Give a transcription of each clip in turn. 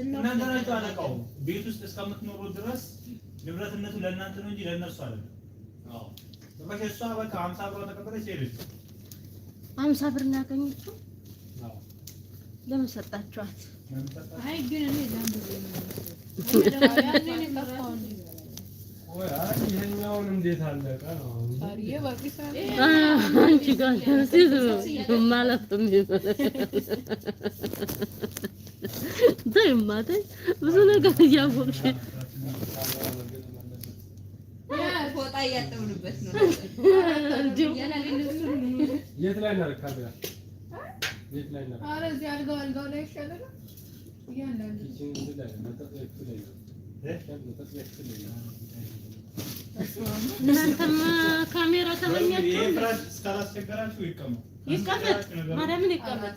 እናንተ አለቃው። ቤት ውስጥ እስከምትኖሩ ድረስ ንብረትነቱ ለእናንተ ነው እንጂ ለእነርሱ አይደለም። አዎ እሷ በቃ 50 ብር ተቀበለች ሄደች። 50 ብር ነው ያገኘችው። ለምን ሰጣችኋት? አይ ግን እኔ ዛንብ ነው ታይማታይ ብዙ ነገር እያወቅሽ ፎጣ እናንተም ካሜራ ተመኛችሁ ይቀመጥ፣ ይቀመጥ፣ ማርያምን ይቀመጥ።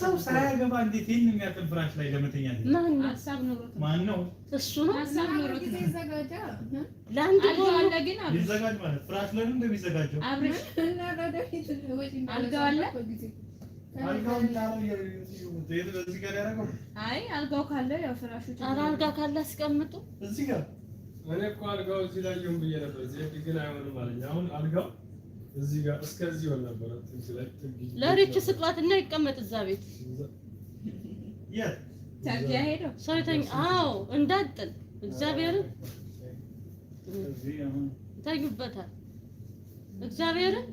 ሰው ስራ እንዴት ይህን የሚያክል ፍራሽ ላይ ለመተኛት ማን ነው? እሱ ነው ፍራሽ ላይ እንደሚዘጋጀው ካለ ያው ፍራሹ አልጋ ካለ አስቀምጡ እዚህ ጋር እኔ እኮ አልጋው እዚህ ላይ ብዬ ነበር ግን አይሆንም አለኝ አሁን አልጋው እዚህ ጋር እስከዚህ ወል ነበር ለሪች ስጧት እና ይቀመጥ እዛ ቤት ሰውተኛ አዎ፣ እንዳጥል እግዚአብሔርን ተኙበታል። እግዚአብሔርን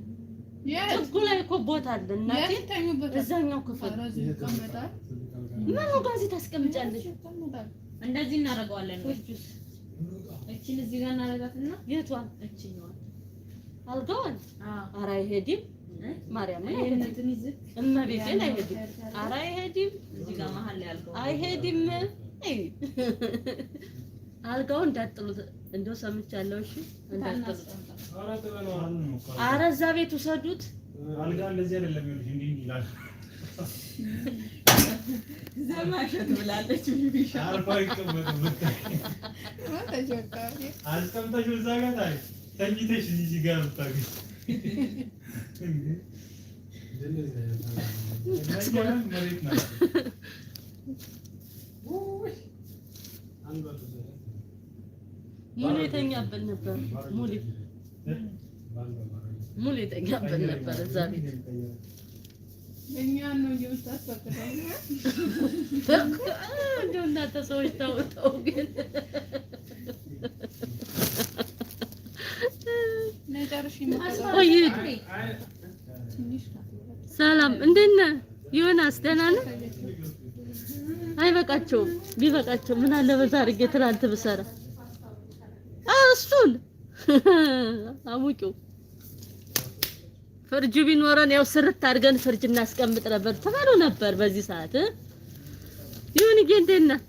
ጥጉ ላይ እኮ ቦታ አለ እናቴ፣ እዛኛው ክፍል ምኑ ጋር ታስቀምጫለሽ? እንደዚህ እናደርገዋለን። እቺን እዚህ ጋር እናደርጋትና የቷን እቺኛዋን አልጋዋል ኧረ አይሄድም። ማርያም እመቤቴን አይሄድም። ኧረ አይሄድም፣ አይሄድም። አልጋውን እንዳጥሉት እንደው ሰምቻለሁ። እሺ እንዳጥሉት። እዛ ቤት ውሰዱት። አልጋ እንደዚህ አይደለም ይላል ዘማሸት ብላለች። ቢሻ አልፋ ይቀመጥ ብታይ እዛ ጋር ተኝተሽ ልጅ ጋር ታገኝ ሙሉ የተኛበት ነበር። ሙሉ ሙሉ የተኛበት ነበር እዛ ቤት እኛን ነው እንደው እናንተ ሰዎች ታውቀው ግን ሰላም እንዴት ነህ ዮናስ? ደህና ነህ? አይበቃቸውም። ቢበቃቸው ምን አለ በዛ አድርጌ ትናንት ብሰራ እሱን አሙቂው ፍርጅ ቢኖረን ያው ስርት አድርገን ፍርጅ እናስቀምጥ ነበር ተባሉ ነበር በዚህ ሰዓት ይሁን ጌ እንዴት ነህ?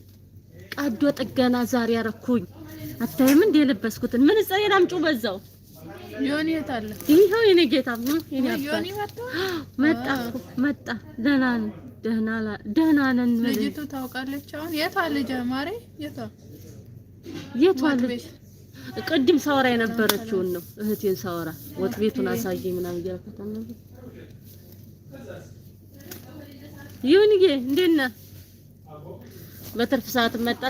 ቀዶ ጥገና ዛሬ አረኩኝ። አታይም እንደ የለበስኩትን ምን ጽሬን አምጪው በዛው ይኸው የኔ ጌታ መጣ መጣ። ደህና ነን ደህና ነን። ልጅቱ ታውቃለች። አሁን የቷ ልጅ ማሬ? የቷ የቷ ልጅ? ቅድም ሳወራ የነበረችውን ነው እህቴን ሳወራ ወጥ ቤቱን አሳየኝ ምናምን እያልኳት ነው። ይሁንዬ እንዴት ነህ? በትርፍ ሰዓት መጣ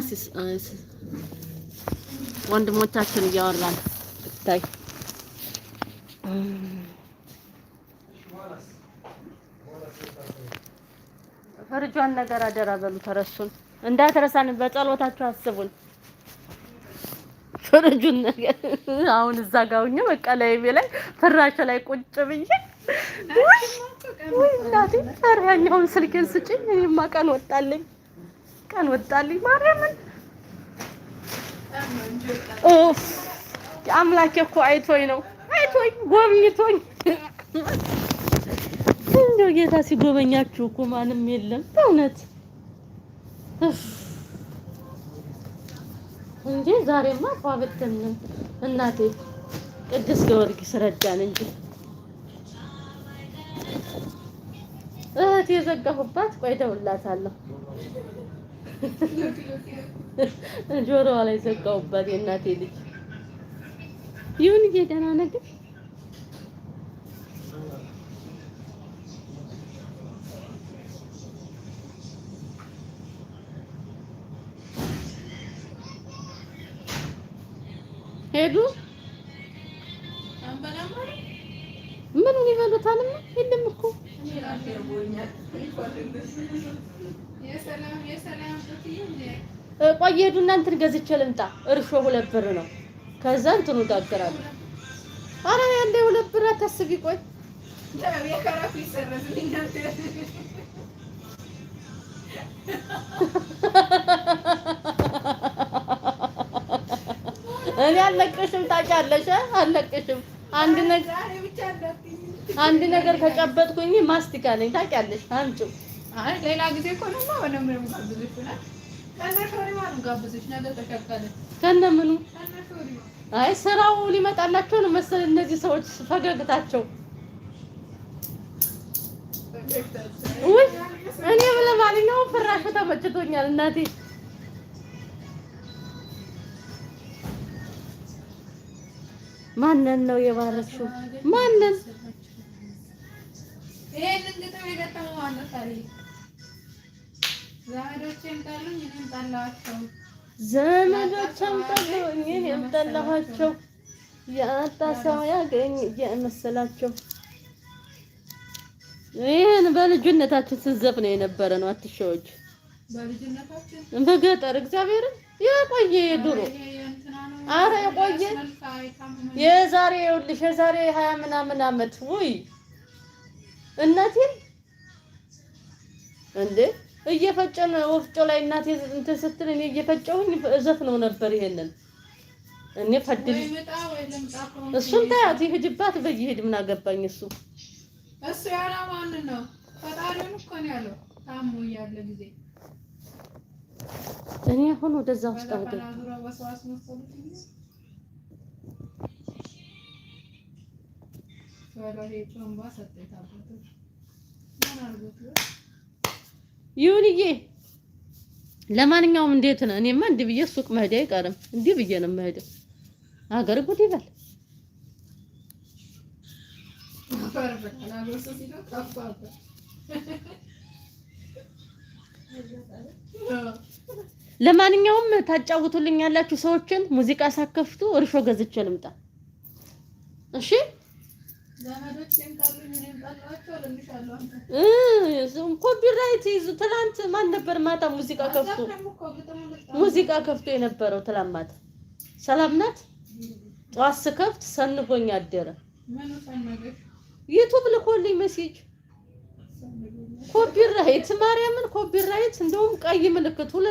ወንድሞቻችን እያወራን ብታይ ፈርጇን ነገር አደራ በሉ ተረሱን እንዳትረሳን በጸሎታችሁ አስቡን። ፍርጁን ነገር አሁን እዛ ጋር ሆኜ በቃ ላይ ላይ ፍራሽ ላይ ቁጭ ብዬ እናቴ ፈሪያኛውን ስልኬን ስጭኝ። እኔማ ቀን ወጣልኝ፣ ቀን ወጣልኝ። ማርያምን ኦፍ አምላኬ እኮ አይቶኝ ነው አይቶኝ ጎብኝቶኝ እንደው ጌታ ሲጎበኛችሁ እኮ ማንም የለም በእውነት እንጂ ዛሬማ ፏብትን እናቴ ቅዱስ ጊዮርጊስ ረዳን እንጂ እህት የዘጋሁባት ቆይ ደውላታለሁ። ጆሮዋ ላይ ዘጋሁባት የእናቴ ልጅ ይሁን ደህና ነገር ሄዱ ምን ይበሉታልማ? የለም እኮ ቆይ ሄዱና እንትን ገዝቼ ልምጣ። እርሾ ሁለት ብር ነው። ከዛ እንትኑ ጋግራለሁ። አረ ያንዴ ሁለት ብር አታስቢ። ቆይ እኔ አለቅሽም፣ ታውቂያለሽ፣ አለቅሽም። አንድ ነገር አንድ ነገር ከጨበጥኩኝ ማስቲካ ነኝ፣ ታውቂያለሽ። አምጪው። አይ ሌላ ጊዜ እኮ ነው ማለት ነው የምጋብዝሽ። ከእነ ሾሪማ ነው የምጋብዝሽ። ነገር ተሸቀለ ከእነ ምኑ አይ ስራው ሊመጣላቸው ነው መሰለኝ። እነዚህ ሰዎች ፈገግታቸው ውይ እኔ ለማንኛውም ፍራሹ ተመችቶኛል እናቴ። ማንን ነው የባረችው? ማንን ይሄን ዘመዶችም ጠሉኝ፣ የምጠላኋቸው የአጣ ሰው ያገኝ እየመሰላቸው ይህን በልጅነታችን ስንዘፍ ነው የነበረ ነው። አትሻዎች በገጠር እግዚአብሔርን የቆየ የድሮ አረ የቆየ የዛሬ ይኸውልሽ የዛሬ ሀያ ምናምን አመት ውይ እናቴ እንዴ እየፈጨን ወፍጮ ላይ እናቴ እንትን ስትል እኔ እየፈጨሁኝ ነው ነበር። ይሄንን እኔ ፈድል እሱን ታያት ይሄድባት በይሄድ ምን አገባኝ እሱ እሱ ያለው ማን ነው? ፈጣሪውን እኮ ነው ያለው። ታሞ ያለ ጊዜ እኔ አሁን ወደዛ ውስጥ አንገኝ ወራሄ ጮምባ ሰጠታ ይሁንዬ ለማንኛውም እንዴት ነው? እኔማ እንዲህ ብዬ ሱቅ መሄድ አይቀርም። እንዲህ ብዬ ነው የምሄደው። አገር ጉድ ይበል። ለማንኛውም ታጫውቱልኝ ያላችሁ ሰዎችን ሙዚቃ ሳከፍቱ እርሾ ገዝቼ ልምጣ። እሺ ኮፒራይት ይዙ። ትላንት ማን ነበር ማታ ሙዚቃ ከፍቶ ሙዚቃ ከፍቶ የነበረው? ትላንት ማታ ሰላም ናት። ጠዋት ስከፍት ሰንጎኝ አደረ። ዩቱብ ልኮልኝ መሴጅ ኮፒራይት ማርያምን፣ ኮፒራይት እንደውም ቀይ ምልክት ሁለት